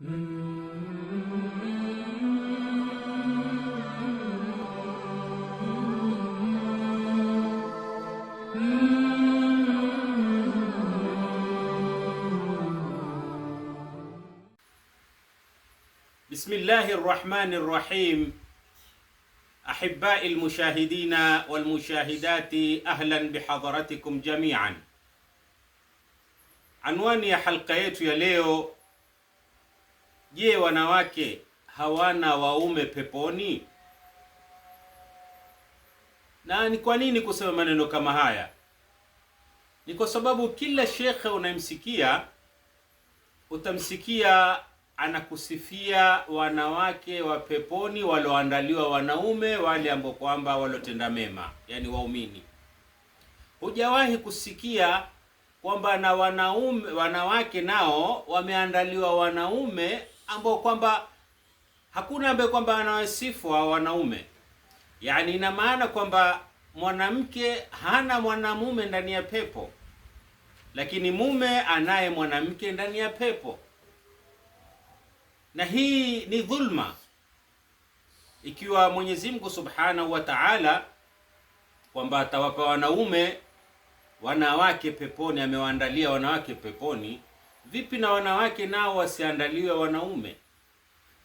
بسم الله الرحمن الرحيم احباء المشاهدين والمشاهدات اهلا بحضرتكم جميعا عنوان حلقيت يا ليو Je, wanawake hawana waume peponi? Na ni kwa nini kusema maneno kama haya? Ni kwa sababu kila shekhe unayemsikia utamsikia anakusifia wanawake wa peponi walioandaliwa wanaume wale ambao kwamba waliotenda mema, yani waumini. Hujawahi kusikia kwamba na wanaume wanawake nao wameandaliwa wanaume ambao kwamba hakuna ambaye kwamba anawasifu wa wanaume, yaani ina maana kwamba mwanamke hana mwanamume ndani ya pepo, lakini mume anaye mwanamke ndani ya pepo, na hii ni dhulma ikiwa Mwenyezi Mungu Subhanahu wa Ta'ala kwamba atawapa wanaume wanawake peponi, amewaandalia wanawake peponi Vipi na wanawake nao wasiandaliwe wanaume?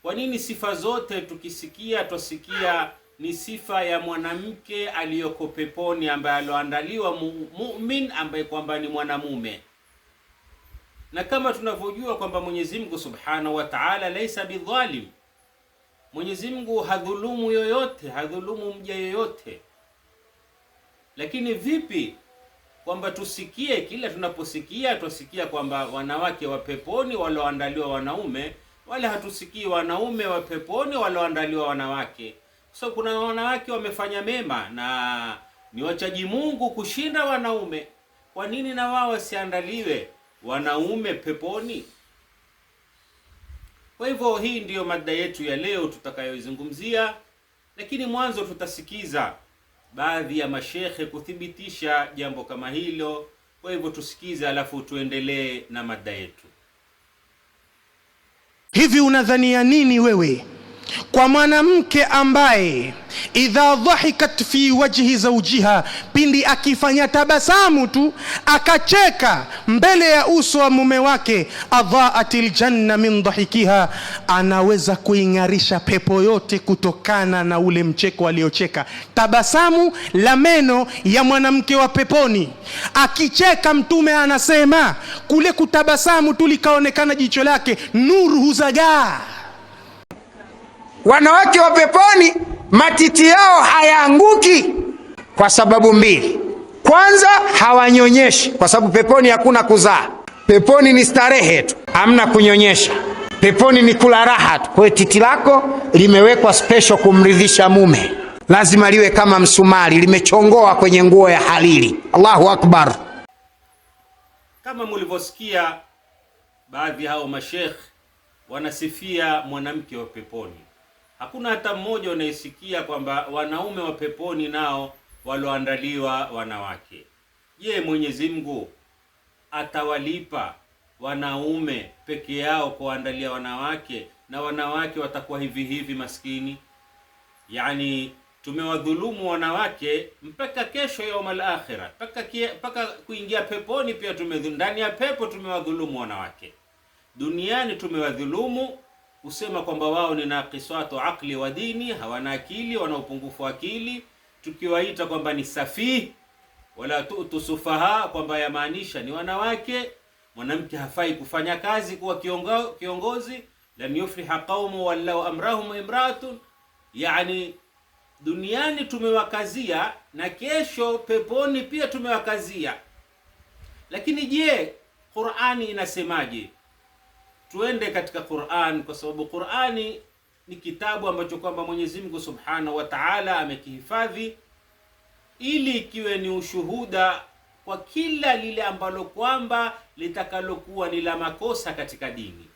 Kwa nini sifa zote tukisikia twasikia ni sifa ya mwanamke aliyoko peponi ambaye aloandaliwa mumin ambaye kwamba ni mwanamume? Na kama tunavyojua kwamba Mwenyezi Mungu Subhanahu wa Ta'ala laisa bidhalim, Mwenyezi Mungu hadhulumu yoyote, hadhulumu mja yoyote. Lakini vipi kwamba tusikie kila tunaposikia, twasikia kwamba wanawake wa peponi walioandaliwa wanaume, wala hatusikii wanaume wa peponi walioandaliwa wanawake, kwa so, kuna wanawake wamefanya mema na ni wachaji Mungu kushinda wanaume. Kwa nini na wao wasiandaliwe wanaume peponi? Kwa hivyo hii ndiyo mada yetu ya leo tutakayoizungumzia, lakini mwanzo tutasikiza baadhi ya mashehe kuthibitisha jambo kama hilo. Kwa hivyo tusikize, alafu tuendelee na mada yetu. Hivi unadhania nini wewe kwa mwanamke ambaye idha dhahikat fi wajhi zaujiha, pindi akifanya tabasamu tu akacheka mbele ya uso wa mume wake, adhaat ljanna min dhahikiha, anaweza kuing'arisha pepo yote kutokana na ule mcheko aliocheka. Tabasamu la meno ya mwanamke wa peponi akicheka, Mtume anasema kule kutabasamu tu likaonekana jicho lake, nuru huzagaa Wanawake wa peponi matiti yao hayaanguki kwa sababu mbili. Kwanza, hawanyonyeshi kwa sababu peponi hakuna kuzaa. Peponi ni starehe tu, hamna kunyonyesha. Peponi ni kula raha tu. Kwa hiyo titi lako limewekwa special kumridhisha mume, lazima liwe kama msumari, limechongoa kwenye nguo ya halili Allahu akbar! Kama mlivyosikia baadhi ya hao mashekh wanasifia mwanamke wa peponi. Hakuna hata mmoja unayesikia kwamba wanaume wa peponi nao walioandaliwa wanawake. Je, Mwenyezi Mungu atawalipa wanaume peke yao kuwaandalia wanawake na wanawake watakuwa hivi hivi maskini? Yaani tumewadhulumu wanawake mpaka kesho yaumal akhira, mpaka mpaka kuingia peponi pia tumedhulumu. ndani ya pepo tumewadhulumu wanawake, duniani tumewadhulumu kusema kwamba wao ni nakisatu aqli wa dini, hawana akili, wana upungufu wa akili, tukiwaita kwamba ni safihi wala tutu sufaha, kwamba yamaanisha ni wanawake. Mwanamke hafai kufanya kazi kuwa kiongozi. Lan yufliha qaumu wallau amrahum imratun, yani duniani tumewakazia na kesho peponi pia tumewakazia. Lakini je, Qur'ani inasemaje? tuende katika Qur'an, kwa sababu Qur'ani ni kitabu ambacho kwamba Mwenyezi Mungu Subhanahu wa Ta'ala amekihifadhi ili ikiwe ni ushuhuda kwa kila lile ambalo kwamba litakalokuwa ni la makosa katika dini.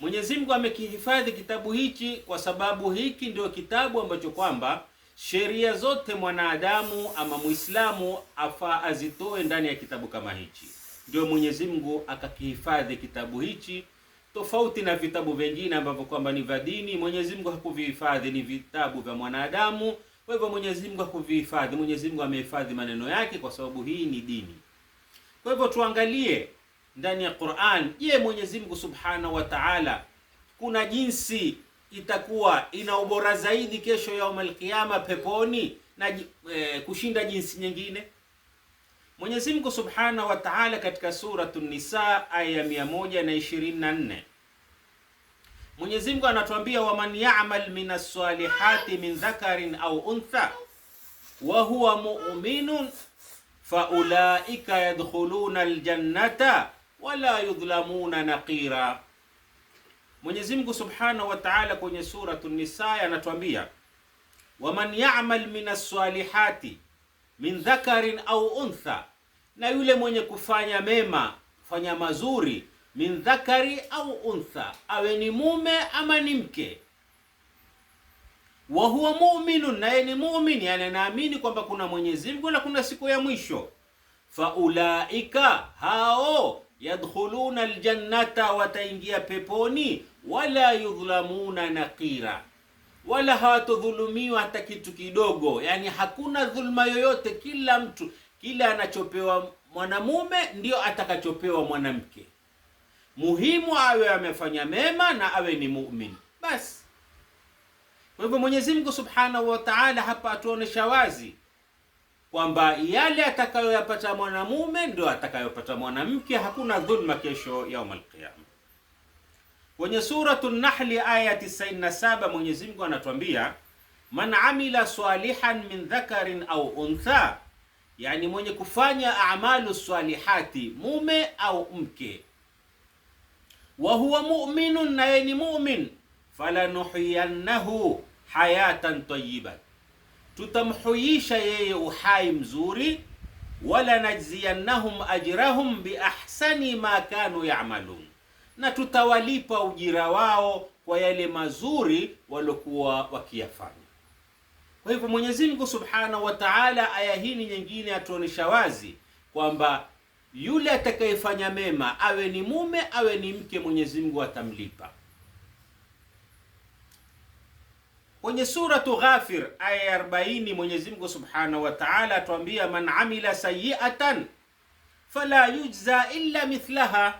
Mwenyezi Mungu amekihifadhi kitabu hichi kwa sababu hiki ndio kitabu ambacho kwamba sheria zote mwanadamu ama Muislamu afaa azitoe ndani ya kitabu kama hichi ndio Mwenyezi Mungu akakihifadhi kitabu hichi, tofauti na vitabu vingine ambavyo kwamba ni vya dini. Mwenyezi Mungu hakuvihifadhi, ni vitabu vya mwanadamu. Kwa hivyo Mwenyezi Mungu hakuvihifadhi, Mwenyezi Mungu amehifadhi maneno yake, kwa sababu hii ni dini. Kwa hivyo tuangalie ndani ya Qur'an. Je, Mwenyezi Mungu Subhanahu wa Ta'ala kuna jinsi itakuwa ina ubora zaidi kesho ya Yaumul peponi na e, kushinda jinsi nyingine? Mwenyezi Mungu Subhanahu wa Ta'ala katika suratu Nisa aya ya 124 Mwenyezi Mungu anatuambia, waman ya'mal minas salihati min dhakarin au untha wa huwa mu'minun fa ulaika yadkhuluna aljannata wala yudhlamuna naqira. Mwenyezi Mungu Subhanahu wa Ta'ala kwenye suratu Nisa anatuambia, waman ya'mal minas salihati min dhakarin au untha na yule mwenye kufanya mema, kufanya mazuri, min dhakari au untha, awe ni mume ama ni mke, wa huwa mu'minun, naye ni mumin yani anaamini kwamba kuna Mwenyezi Mungu na kuna siku ya mwisho. Fa ulaika hao yadkhuluna aljannata, wataingia peponi, wala yudhlamuna naqira, wala hawatodhulumiwa hata kitu kidogo. Yani hakuna dhulma yoyote, kila mtu kile anachopewa mwanamume ndiyo atakachopewa mwanamke. Muhimu awe amefanya mema na awe ni muumini basi. Kwa hivyo Mwenyezi Mungu Subhanahu wa Ta'ala hapa atuonesha wazi kwamba yale atakayoyapata mwanamume ndio atakayopata mwanamke. Hakuna dhulma kesho yaumul qiyama. Kwenye suratu Nahli aya 97 Mwenyezi Mungu anatuambia man amila salihan min dhakarin au untha yani mwenye kufanya amalu salihati, mume au mke. Wa huwa mu'minun, na yeye ni mu'min. Falanuhyiyannahu hayatan tayyiban, tutamhuisha yeye uhai mzuri. Wala najziyannahum ajrahum bi ahsani ma kanu ya'malun, na tutawalipa ujira wao kwa yale mazuri waliokuwa wakiyafanya. Kwa hivyo Mwenyezi Mungu Subhanahu wa Ta'ala, aya hii nyingine atuonesha wazi kwamba yule atakayefanya mema awe ni mume awe ni mke, Mwenyezi Mungu atamlipa. Kwenye suratu Ghafir aya ya 40 Mwenyezi Mungu Subhanahu wa Ta'ala atuambia, man amila sayi'atan fala yujza illa mithlaha,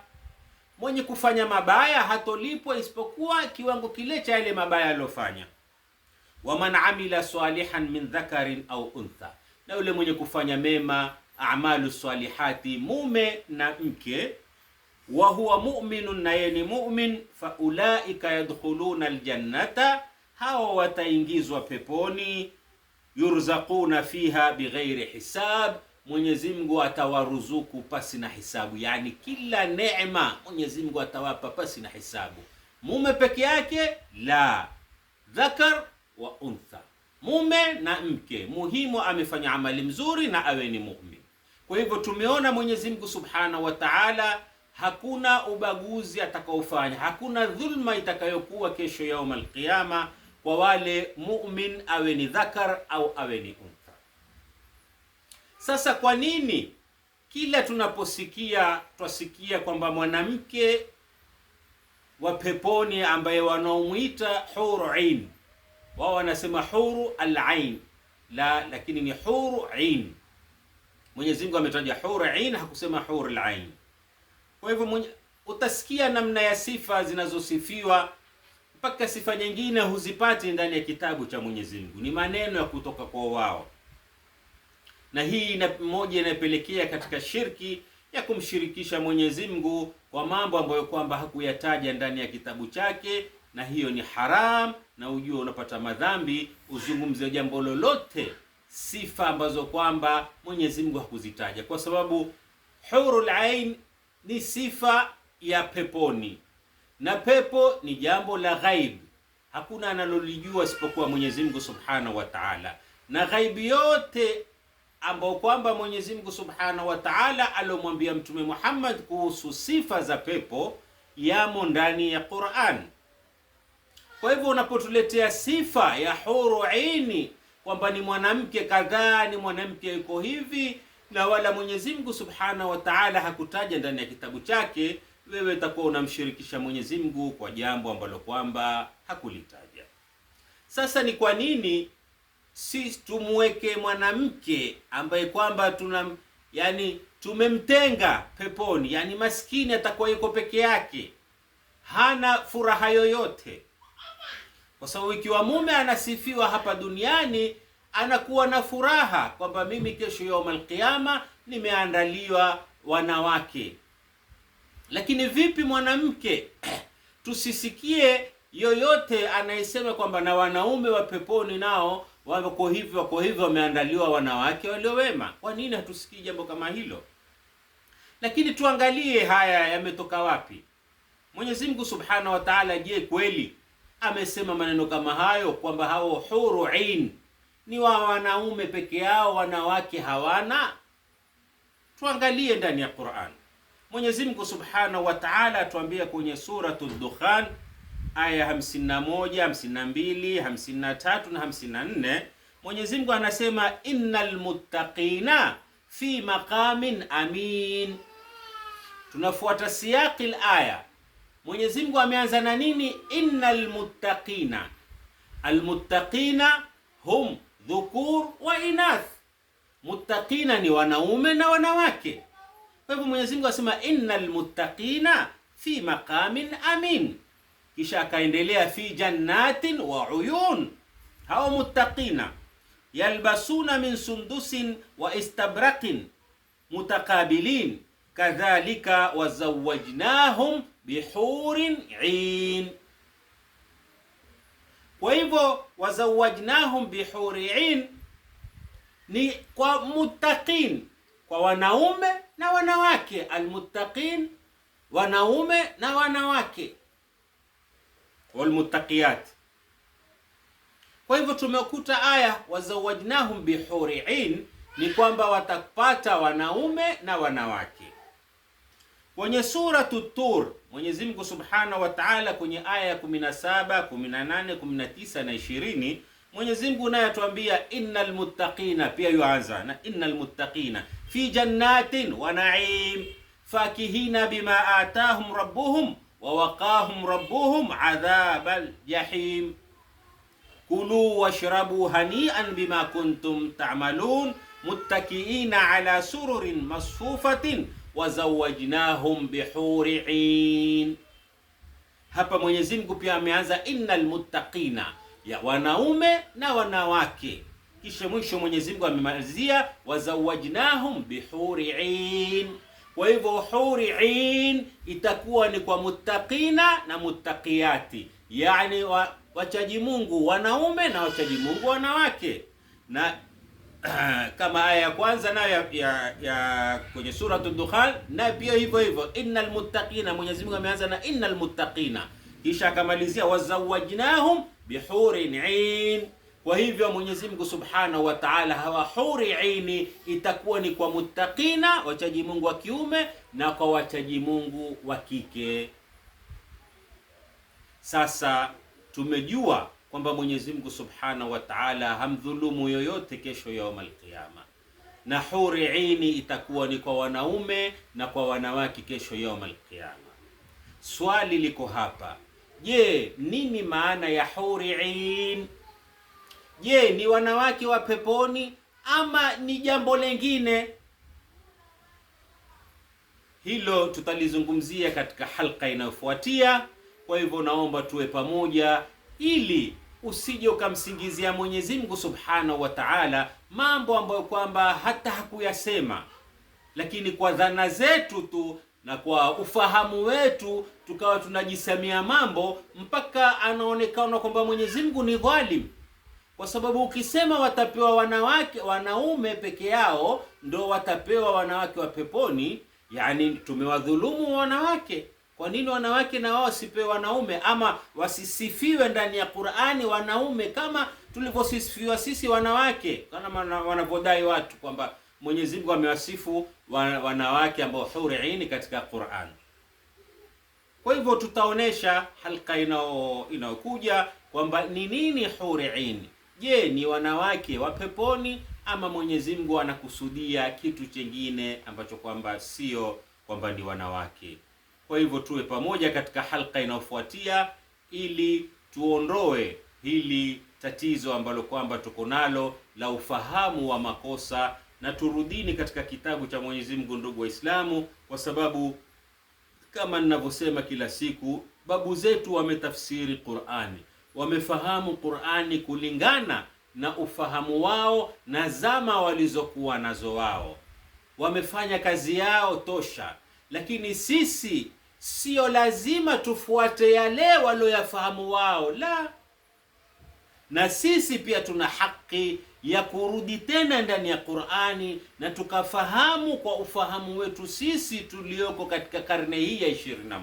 mwenye kufanya mabaya hatolipwa isipokuwa kiwango kile cha yale mabaya aliyofanya man amila salihan min dhakarin au untha, na yule mwenye kufanya mema amalu salihati, mume na mke, wa huwa mu'minun, na yeye ni mu'min, fa ulaika yadkhuluna aljannata, hawa wataingizwa peponi, yurzaquna fiha bighairi hisab, Mwenyezi Mungu atawaruzuku pasi na hisabu, yani kila neema Mwenyezi Mungu atawapa pasi na hisabu. Mume peke yake la dhakar wa untha, mume na mke. Muhimu amefanya amali mzuri na awe ni mumin. Kwa hivyo tumeona Mwenyezi Mungu Subhanahu wa Ta'ala hakuna ubaguzi atakaofanya, hakuna dhulma itakayokuwa kesho yaumul qiyama kwa wale mumin, awe ni dhakar au awe ni untha. Sasa kwa nini kila tunaposikia twasikia kwamba mwanamke wa peponi ambaye wanaomwita huru ain wao wanasema huru alain la, lakini ni huru ain. Mwenyezi Mungu ametaja huru ain, hakusema huru alain. Kwa hivyo utasikia namna ya sifa zinazosifiwa mpaka sifa nyingine huzipati ndani ya kitabu cha Mwenyezi Mungu, ni maneno ya kutoka kwa wao, na hii ina moja inayopelekea katika shirki ya kumshirikisha Mwenyezi Mungu kwa mambo ambayo kwamba hakuyataja ndani ya kitabu chake na hiyo ni haram, na ujue unapata madhambi. Uzungumze jambo lolote, sifa ambazo kwamba Mwenyezi Mungu hakuzitaja, kwa sababu hurul ain ni sifa ya peponi, na pepo ni jambo la ghaib, hakuna analolijua isipokuwa Mwenyezi Mungu Subhanahu wa Ta'ala, na ghaibi yote ambao kwamba Mwenyezi Mungu Subhanahu wa Ta'ala alomwambia Mtume Muhammad kuhusu sifa za pepo yamo ndani ya Qur'an. Kwa hivyo unapotuletea sifa ya huru aini kwamba ni mwanamke kadhaa, ni mwanamke yuko hivi na wala Mwenyezi Mungu Subhanahu wa Ta'ala hakutaja ndani ya kitabu chake, wewe utakuwa unamshirikisha Mwenyezi Mungu kwa jambo ambalo kwamba hakulitaja. Sasa ni kwa nini si tumweke mwanamke ambaye kwamba tuna yani tumemtenga peponi, yani maskini atakuwa yuko peke yake, hana furaha yoyote kwa sababu ikiwa mume anasifiwa hapa duniani anakuwa na furaha kwamba mimi kesho yaumal qiama nimeandaliwa wanawake. Lakini vipi mwanamke? Tusisikie yoyote anayesema kwamba na wanaume wa peponi nao wako hivyo wako hivyo wameandaliwa wanawake walio wema. Kwa nini hatusikii jambo kama hilo? Lakini tuangalie haya yametoka wapi. Mwenyezi Mungu Subhanahu wa Ta'ala, je, kweli amesema maneno kama hayo kwamba hao huru ain ni wa wanaume peke yao, wanawake hawana. Tuangalie ndani ya Qur'an, Mwenyezi Mungu Subhanahu wa Ta'ala atuambia kwenye suratul Dukhan aya 51, 52, 53 na 54, Mwenyezi Mungu anasema innal muttaqina fi maqamin amin. Tunafuata siyaqil aya Mwenyezi Mungu ameanza na nini? Innal muttaqina, almuttaqina hum dhukur wa inath, muttaqina ni wanaume na wanawake. Kwa hivyo Mwenyezi Mungu asema innal muttaqina fi maqamin amin, kisha akaendelea fi jannatin wa uyun. Hao muttaqina yalbasuna min sundusin wa istabraqin mutakabilin kadhalika wazawajnahum bihurin in. Kwa hivyo wazawajnahum bihuri in ni kwa muttaqin, kwa wanaume na wanawake. Almuttaqin, wanaume na wanawake, walmuttaqiyat. Kwa hivyo tumekuta aya wazawajnahum bihuri in ni kwamba watapata wanaume na wanawake. Kwenye suratu Tur Mwenyezi Mungu Subhanahu wa Ta'ala kwenye aya ya 17, 18, 19 na 20 Mwenyezi Mungu naye atuambia inna muttaqina, pia yuanza na inna muttaqina fi jannatin wa na'im fakihina bima atahum rabbuhum wa waqahum rabbuhum adhabal jahim kulu washrabu hani'an bima kuntum ta'malun muttakiina ala sururin masfufatin wazawajnahum bihuri in. Hapa Mwenyezi Mungu pia ameanza innal muttaqina ya wanaume na wanawake, kisha mwisho Mwenyezi Mungu amemalizia wazawajnahum bihuri in. Kwa hivyo huri in itakuwa ni kwa muttaqina na muttaqiyati, yani wa, wachaji Mungu wanaume na wachaji Mungu wanawake na Ah, kama aya ya kwanza nayo ya, ya, ya kwenye suratu Dukhan, nayo pia hivyo hivyo, innal muttaqina. Mwenyezi Mungu ameanza na innal muttaqina, kisha akamalizia wazawajnahum bihurin ain. Kwa hivyo Mwenyezi Mungu subhanahu wa taala hawa huri aini itakuwa ni kwa muttaqina, wachaji Mungu wa kiume na kwa wachaji Mungu wa kike. Sasa tumejua kwamba Mwenyezi Mungu Subhanahu wa Ta'ala hamdhulumu yoyote kesho ya yaumul qiyama, na huri ini itakuwa ni kwa wanaume na kwa wanawake kesho ya yaumul qiyama. Swali liko hapa, je, nini maana ya huri ini? Je, ni wanawake wa peponi ama ni jambo lengine? Hilo tutalizungumzia katika halqa inayofuatia. Kwa hivyo naomba tuwe pamoja ili usije ukamsingizia Mwenyezi Mungu Subhanahu wa Ta'ala mambo ambayo kwamba hata hakuyasema, lakini kwa dhana zetu tu na kwa ufahamu wetu tukawa tunajisamia mambo mpaka anaonekana kwamba Mwenyezi Mungu ni dhalim, kwa sababu ukisema watapewa wanawake wanaume peke yao ndo watapewa wanawake wa peponi, yani tumewadhulumu wanawake kwa nini wanawake na wao wasipewe wanaume ama wasisifiwe ndani ya Qur'ani wanaume kama tulivyosifiwa sisi wanawake, kama wanavyodai watu kwamba Mwenyezi Mungu amewasifu wanawake ambao huriini katika Qur'an. Kwa hivyo tutaonesha halka inayokuja kwamba ni nini huriini. Je, ni wanawake wa peponi ama Mwenyezi Mungu anakusudia kitu chengine ambacho kwamba sio kwamba ni wanawake? Kwa hivyo tuwe pamoja katika halqa inayofuatia, ili tuondoe hili tatizo ambalo kwamba tuko nalo la ufahamu wa makosa, na turudini katika kitabu cha Mwenyezi Mungu, ndugu Waislamu, kwa sababu kama ninavyosema kila siku, babu zetu wametafsiri Qur'ani, wamefahamu Qur'ani kulingana na ufahamu wao na zama walizokuwa nazo wao, wamefanya kazi yao tosha, lakini sisi Sio lazima tufuate yale walioyafahamu wao, la. Na sisi pia tuna haki ya kurudi tena ndani ya Qur'ani na tukafahamu kwa ufahamu wetu sisi tulioko katika karne hii ya 21,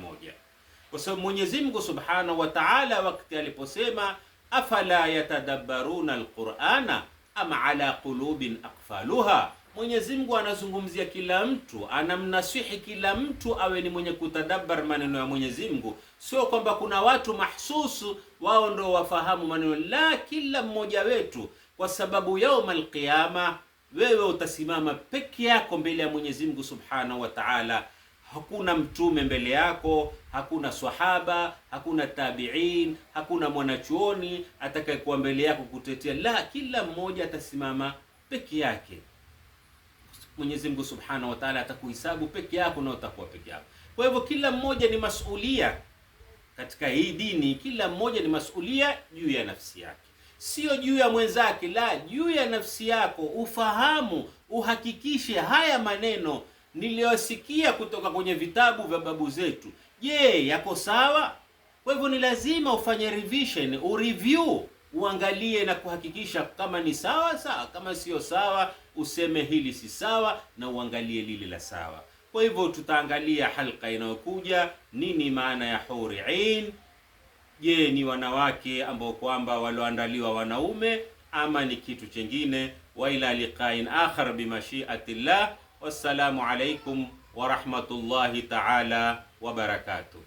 kwa sababu Mwenyezi Mungu Subhanahu wa Ta'ala wakati aliposema afala yatadabbaruna alqur'ana am ala qulubin aqfaluha Mwenyezi Mungu anazungumzia kila mtu, anamnasihi kila mtu awe ni mwenye kutadabar maneno ya Mwenyezi Mungu, sio kwamba kuna watu mahsusu wao ndio wafahamu maneno la kila mmoja wetu, kwa sababu yaumal qiyama wewe utasimama peke yako mbele ya Mwenyezi Mungu Subhanahu wa Ta'ala. Hakuna mtume mbele yako, hakuna swahaba hakuna tabiin, hakuna mwanachuoni atakayekuwa mbele yako kutetea. La, kila mmoja atasimama peke yake. Mwenyezi Mungu Subhanahu wa Ta'ala atakuhesabu peke yako na utakuwa peke yako. Kwa hivyo kila mmoja ni masulia katika hii dini, kila mmoja ni masulia juu ya nafsi yake, sio juu ya mwenzake, la juu ya nafsi yako. Ufahamu, uhakikishe haya maneno niliyosikia kutoka kwenye vitabu vya babu zetu, je, yako sawa? Kwa hivyo ni lazima ufanye revision, ureview uangalie na kuhakikisha kama ni sawa sawa, kama sio sawa useme hili si sawa, na uangalie lile la sawa. Kwa hivyo tutaangalia halqa inayokuja, nini maana ya huri ain? Je, ni wanawake ambao kwamba walioandaliwa wanaume ama ni kitu chengine? Wa ila liqain akhar bimashiatillah. Wassalamu alaikum wa rahmatullahi ta'ala wa barakatuh.